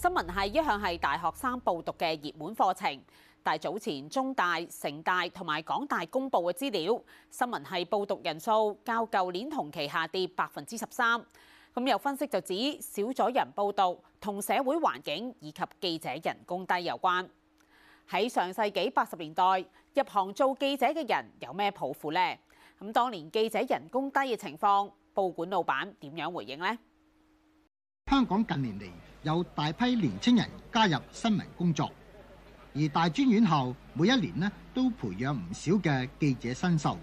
新聞係一向係大學生報讀嘅熱門課程，但係早前中大、城大同埋港大公布嘅資料，新聞係報讀人數較舊年同期下跌百分之十三。咁有分析就指少咗人報讀，同社會環境以及記者人工低有關。喺上世紀八十年代入行做記者嘅人有咩抱負呢？咁當年記者人工低嘅情況，報館老闆點樣回應呢？香港近年嚟，有大批年青人加入新聞工作，而大專院校每一年呢都培養唔少嘅記者新秀。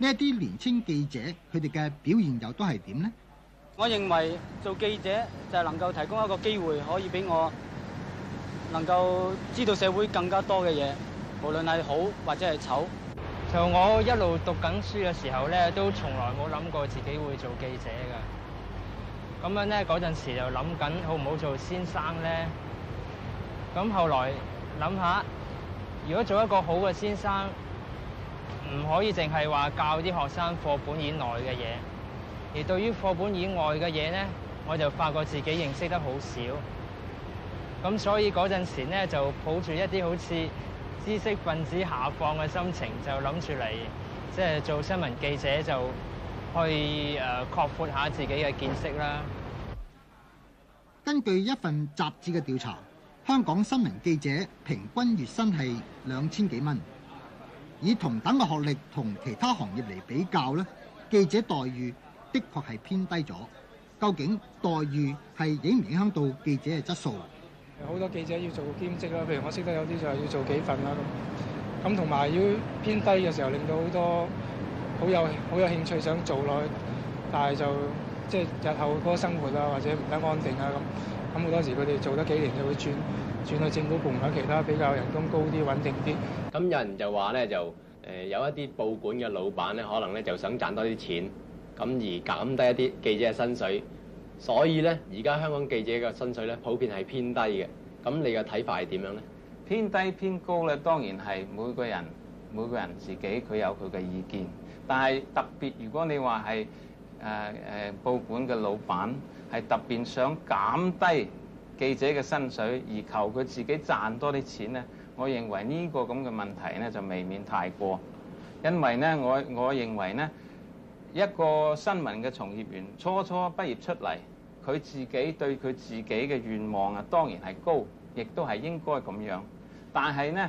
呢一啲年青記者佢哋嘅表現又都係點呢？我認為做記者就係能夠提供一個機會，可以俾我能夠知道社會更加多嘅嘢，無論係好或者係醜。就我一路讀緊書嘅時候咧，都從來冇諗過自己會做記者嘅。咁樣咧，嗰陣時就諗緊，好唔好做先生咧？咁後來諗下，如果做一個好嘅先生，唔可以淨係話教啲學生課本以內嘅嘢，而對於課本以外嘅嘢咧，我就發覺自己認識得好少。咁所以嗰陣時咧，就抱住一啲好似知識分子下放嘅心情，就諗住嚟即係做新聞記者就。去誒擴闊下自己嘅見識啦。根據一份雜誌嘅調查，香港新聞記者平均月薪係兩千幾蚊。以同等嘅學歷同其他行業嚟比較呢，記者待遇的確係偏低咗。究竟待遇係影唔影響到記者嘅質素？好多記者要做兼職啦，譬如我識得有啲就係要做幾份啦咁。同埋要偏低嘅時候，令到好多。好有好有興趣想做落去，但係就即係、就是、日後嗰個生活啊，或者唔得安定啊咁。咁好多時佢哋做得幾年就會轉轉去政府部門，其他比較人工高啲、穩定啲。咁有人就話咧，就、呃、有一啲報館嘅老闆咧，可能咧就想賺多啲錢，咁而減低一啲記者嘅薪水。所以咧，而家香港記者嘅薪水咧普遍係偏低嘅。咁你嘅睇法係點樣咧？偏低偏高咧，當然係每個人每個人自己佢有佢嘅意見。但係特別，如果你話係誒誒報館嘅老闆係特別想減低記者嘅薪水，而求佢自己賺多啲錢咧，我認為呢個咁嘅問題咧就未免太過。因為咧我我認為咧一個新聞嘅從業員初初畢業出嚟，佢自己對佢自己嘅願望啊當然係高，亦都係應該咁樣。但係咧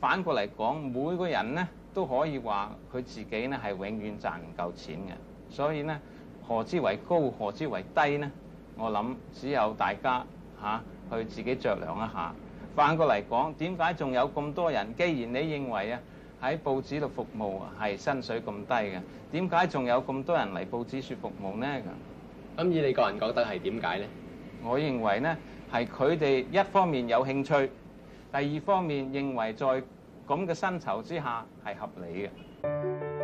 反過嚟講，每個人咧。都可以話佢自己呢係永遠賺唔夠錢嘅，所以呢，何之為高，何之為低呢？我諗只有大家嚇、啊、去自己酌量一下。反過嚟講，點解仲有咁多人？既然你認為啊喺報紙度服務係薪水咁低嘅，點解仲有咁多人嚟報紙處服務呢？咁以你個人覺得係點解呢？我認為呢，係佢哋一方面有興趣，第二方面認為在咁嘅薪酬之下係合理嘅。